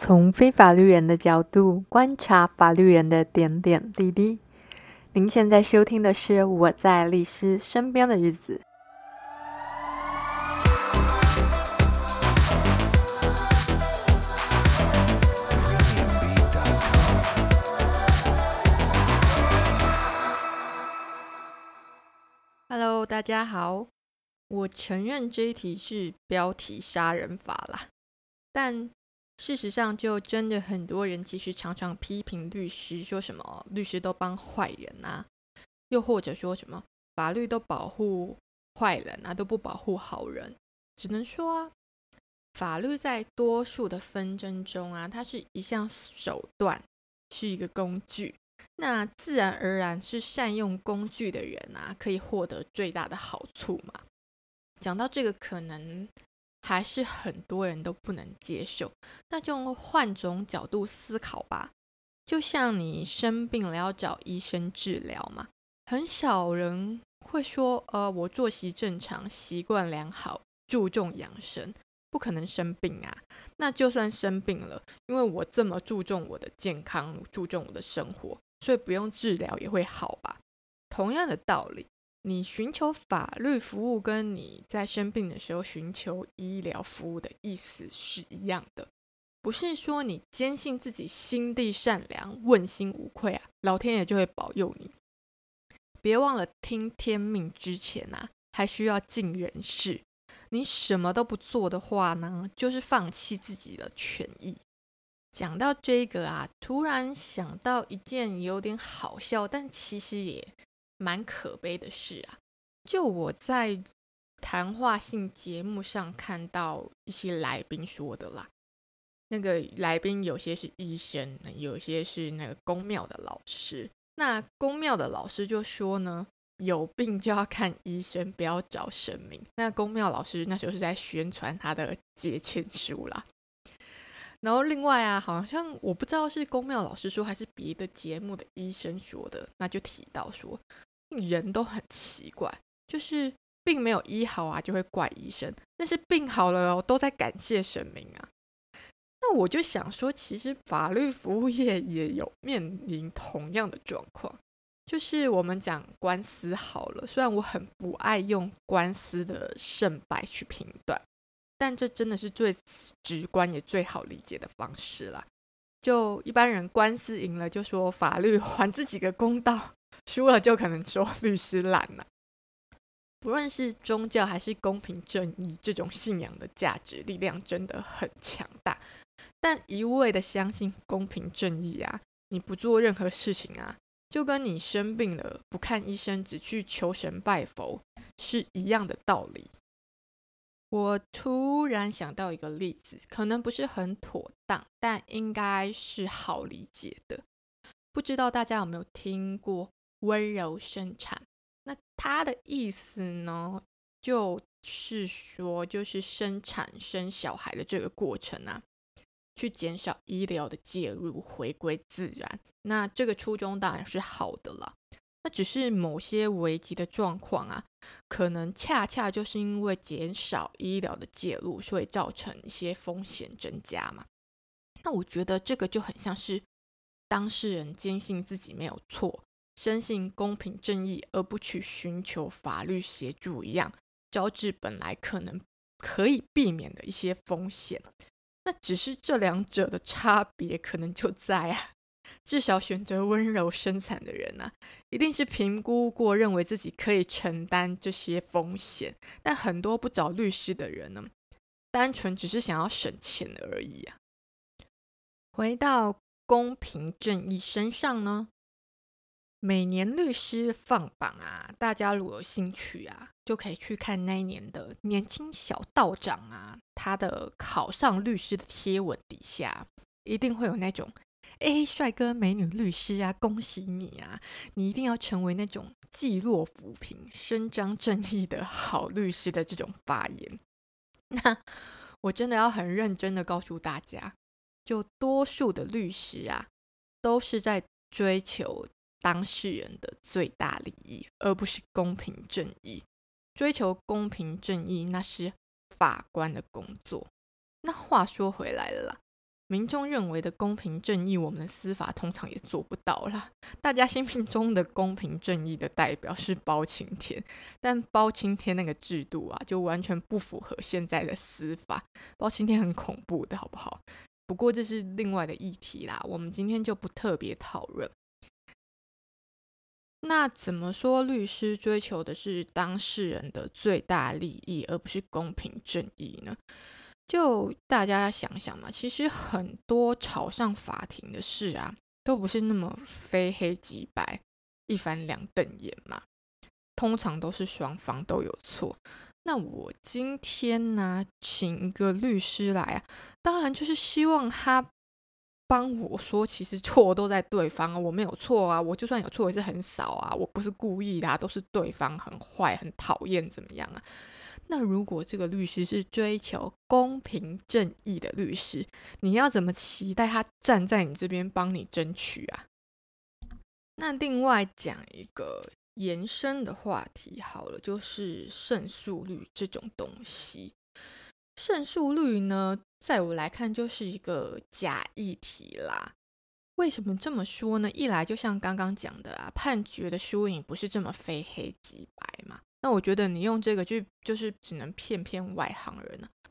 從非法律人的角度觀察法律人的點點滴滴。您現在收聽的是《我在律師身邊的日子》。Hello，大家好。我承認這一題是標題殺人法啦，但。事實上，就真的很多人其實常常批評律師，說什麼律師都幫壞人啊，又或者說什麼法律都保護壞人啊，都不保護好人。只能說，法律在多數的紛爭中啊，它是一項手段，是一個工具。那自然而然是善用工具的人啊，可以獲得最大的好處嘛。講到這個，可能。還是很多人都不能接受，那就換種角度思考吧。就像你生病了要找醫生治療嘛，很少人會說：“呃，我作息正常，習慣良好，注重養生，不可能生病啊。”那就算生病了，因為我這麼注重我的健康，注重我的生活，所以不用治療也會好吧？同樣的道理。你尋求法律服務跟你在生病的時候尋求醫療服務的意思是一樣的，不是說你堅信自己心地善良、問心無愧啊，老天爺就會保佑你。別忘了聽天命之前啊，還需要盡人事。你什麼都不做的話呢，就是放棄自己的權益。講到這個啊，突然想到一件有點好笑，但其實也，蠻可悲的事啊！就我在談話性節目上看到一些來賓說的啦。那個來賓有些是醫生，有些是那個宮廟的老師。那宮廟的老師就說呢，有病就要看醫生，不要找神明。那宮廟老師那時候是在宣傳他的解籤書啦。然後另外啊，好像我不知道是宮廟老師說還是別的節目的醫生說的，那就提到說。人都很奇怪，就是病沒有醫好啊，就會怪醫生；但是病好了，哦，都在感謝神明啊。那我就想說，其實法律服務業也有面臨同樣的狀況，就是我們講官司好了。雖然我很不愛用官司的勝敗去評斷，但這真的是最直觀也最好理解的方式啦。就一般人官司贏了，就說法律還自己個公道。輸了就可能說律師爛了、啊。不論是宗教還是公平正義這種信仰的價值力量真的很強大，但一味的相信公平正義啊，你不做任何事情啊，就跟你生病了不看醫生只去求神拜佛是一樣的道理。我突然想到一個例子，可能不是很妥當，但應該是好理解的。不知道大家有沒有聽過？溫柔生產，那他的意思呢，就是說，就是生產生小孩的這個過程啊，去減少醫療的介入，回歸自然。那這個初衷當然是好的了。那只是某些危急的狀況啊，可能恰恰就是因為減少醫療的介入，所以造成一些風險增加嘛。那我覺得這個就很像是當事人堅信自己沒有錯。相信公平正義，而不去尋求法律協助，一樣招致本來可能可以避免的一些風險。那只是這兩者的差別可能就在啊，至少選擇溫柔生產的人啊，一定是評估過，認為自己可以承擔這些風險。但很多不找律師的人呢，單純只是想要省錢而已啊。回到公平正義身上呢？每年律師放榜啊，大家如果有興趣啊，就可以去看那一年的年輕小道長啊，他的考上律師的貼文底下，一定會有那種“哎，帥哥美女律師啊，恭喜你啊，你一定要成為那種濟弱扶貧、伸張正義的好律師的這種發言。那”那我真的要很認真的告訴大家，就多數的律師啊，都是在追求。當事人的最大利益，而不是公平正義。追求公平正義，那是法官的工作。那話說回來了，民眾認為的公平正義，我們的司法通常也做不到啦。大家心目中的公平正義的代表是包青天，但包青天那個制度啊，就完全不符合現在的司法。包青天很恐怖的，好不好？不過這是另外的議題啦，我們今天就不特別討論。那怎麼說律師追求的是當事人的最大利益，而不是公平正義呢？就大家想想嘛，其實很多吵上法庭的事啊，都不是那麼非黑即白，一翻兩瞪眼嘛。通常都是雙方都有錯。那我今天呢，請一個律師來啊，當然就是希望他。幫我說，其實錯都在對方，我沒有錯啊，我就算有錯也是很少啊，我不是故意的啊，都是對方很壞、很討厭，怎麼樣啊？那如果這個律師是追求公平正義的律師，你要怎麼期待他站在你這邊幫你爭取啊？那另外講一個延伸的話題好了，就是勝訴率這種東西，勝訴率呢？在我來看就是一個假議題啦。為什麼這麼說呢？一來就像剛剛講的啊，判決的輸贏不是這麼非黑即白嘛。那我覺得你用這個就就是只能騙騙外行人了啊。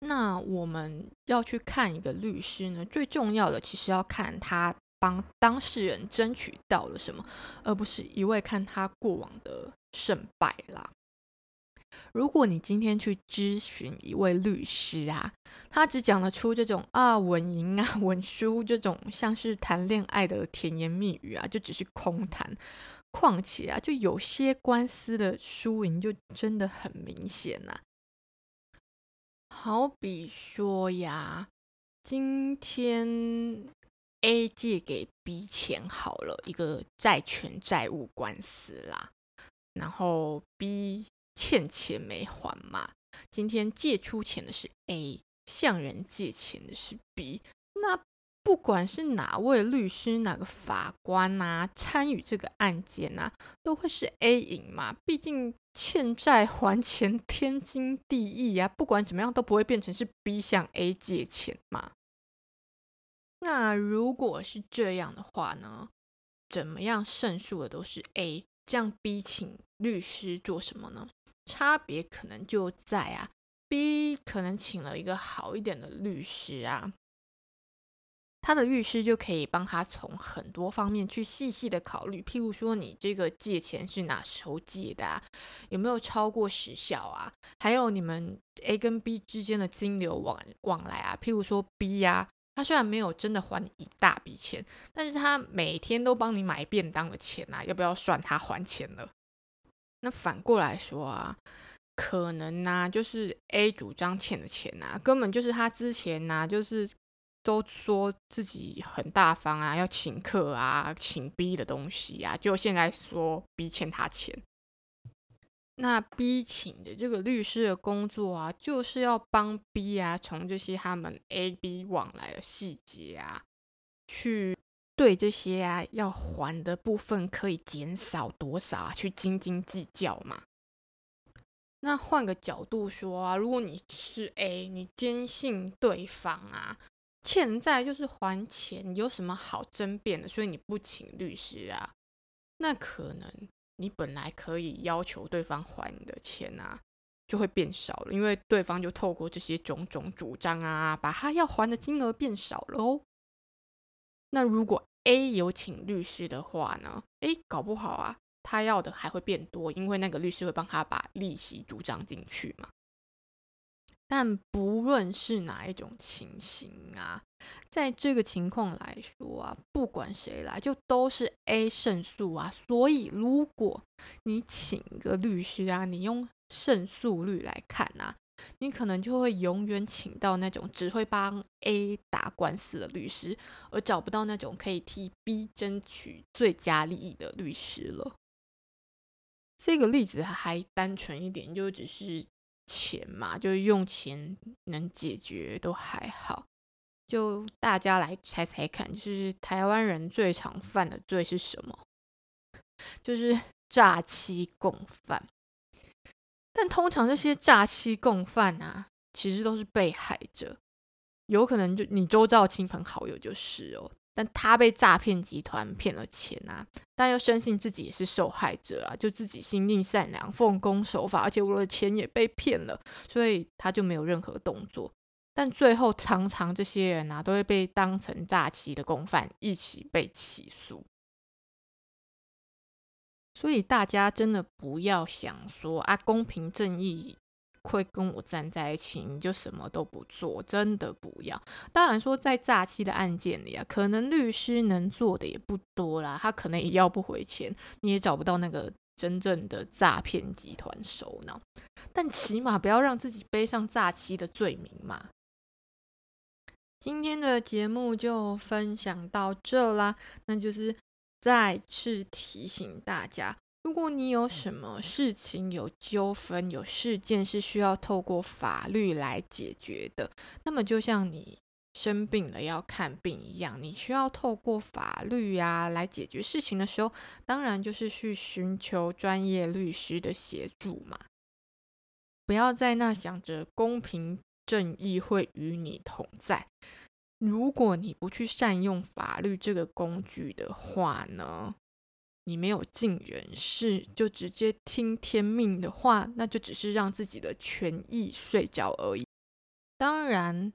那我們要去看一個律師呢，最重要的其實要看他幫當事人爭取到了什麼，而不是一味看他過往的勝敗啦。如果你今天去諮詢一位律師啊，他只講得出這種啊穩贏啊穩輸、這種像是談戀愛的甜言蜜語啊，就只是空談。況且啊，就有些官司的輸贏就真的很明顯啊。好比說呀，今天 A 借給 B 錢好了，一個債權債務官司啦，然後 B。欠錢沒還嘛？今天借出錢的是 A，向人借錢的是 B。那不管是哪位律師、哪個法官吶、啊，參與這個案件吶、啊，都會是 A 贏嘛？畢竟欠債還錢，天經地義啊！不管怎麼樣，都不會變成是 B 向 A 借錢嘛？那如果是這樣的話呢？怎麼樣勝訴的都是 A，這樣 B 請律師做什麼呢？差別可能就在啊，B 可能請了一個好一點的律師啊，他的律師就可以幫他從很多方面去細細的考慮，譬如說你這個借錢是哪時候借的啊，有沒有超過時效啊，還有你們 A 跟 B 之間的金流往往來啊，譬如說 B 呀、啊，他雖然沒有真的還你一大筆錢，但是他每天都幫你買便當的錢啊，要不要算他還錢了？那反過來說啊，可能啊，就是 A 主張欠的錢啊，根本就是他之前啊，就是都說自己很大方啊，要請客啊，請 B 的東西啊，就現在說 B 欠他錢。那 B 請的這個律師的工作啊，就是要幫 B 啊，從這些他們 A、B 往來的細節啊，去。對這些啊，要還的部分可以減少多少啊？去斤斤計較嘛。那換個角度說啊，如果你是 A，你堅信對方啊，欠債就是還錢，你有什麼好爭辯的？所以你不請律師啊，那可能你本來可以要求對方還你的錢啊，就會變少了，因為對方就透過這些種種主張啊，把他要還的金額變少了哦。那如果 A 有請律師的話呢？誒，搞不好啊，他要的還會變多，因為那個律師會幫他把利息主張進去嘛。但不論是哪一種情形啊，在這個情況來說啊，不管誰來，就都是 A 勝訴啊。所以，如果你請個律師啊，你用勝訴率來看啊。你可能就會永遠請到那種只會幫 A 打官司的律師，而找不到那種可以替 B 爭取最佳利益的律師了。這個例子還單純一點，就只是錢嘛，就是用錢能解決都還好。就大家來猜猜看，就是台灣人最常犯的罪是什麼？就是詐欺共犯。但通常這些詐欺共犯啊，其實都是被害者，有可能就你周遭親朋好友就是哦。但他被詐騙集團騙了錢啊，但又深信自己也是受害者啊，就自己心地善良、奉公守法，而且我的錢也被騙了，所以他就沒有任何動作。但最後常常這些人啊，都會被當成詐欺的共犯一起被起訴。所以大家真的不要想說啊，公平正義會跟我站在一起，你就什麼都不做，真的不要。當然說，在詐欺的案件裡啊，可能律師能做的也不多啦，他可能也要不回錢，你也找不到那個真正的詐騙集團首腦，但起碼不要讓自己背上詐欺的罪名嘛。今天的節目就分享到這啦，那就是。再次提醒大家，如果你有什麼事情、有糾紛、有事件是需要透過法律來解決的，那麼就像你生病了要看病一樣，你需要透過法律呀來解決事情的時候，當然就是去尋求專業律師的協助嘛，不要在那想着公平正義會與你同在。如果你不去善用法律這個工具的話呢，你沒有盡人事，就直接聽天命的話，那就只是讓自己的權益睡着而已。當然，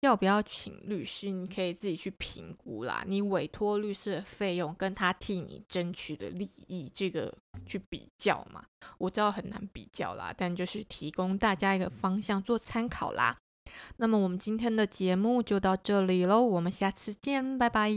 要不要請律師，你可以自己去評估啦。你委託律師的費用跟他替你爭取的利益，這個去比較嘛，我知道很難比較啦，但就是提供大家一個方向做參考啦。那麼我們今天的節目就到這裡嘍，我們下次見，拜拜。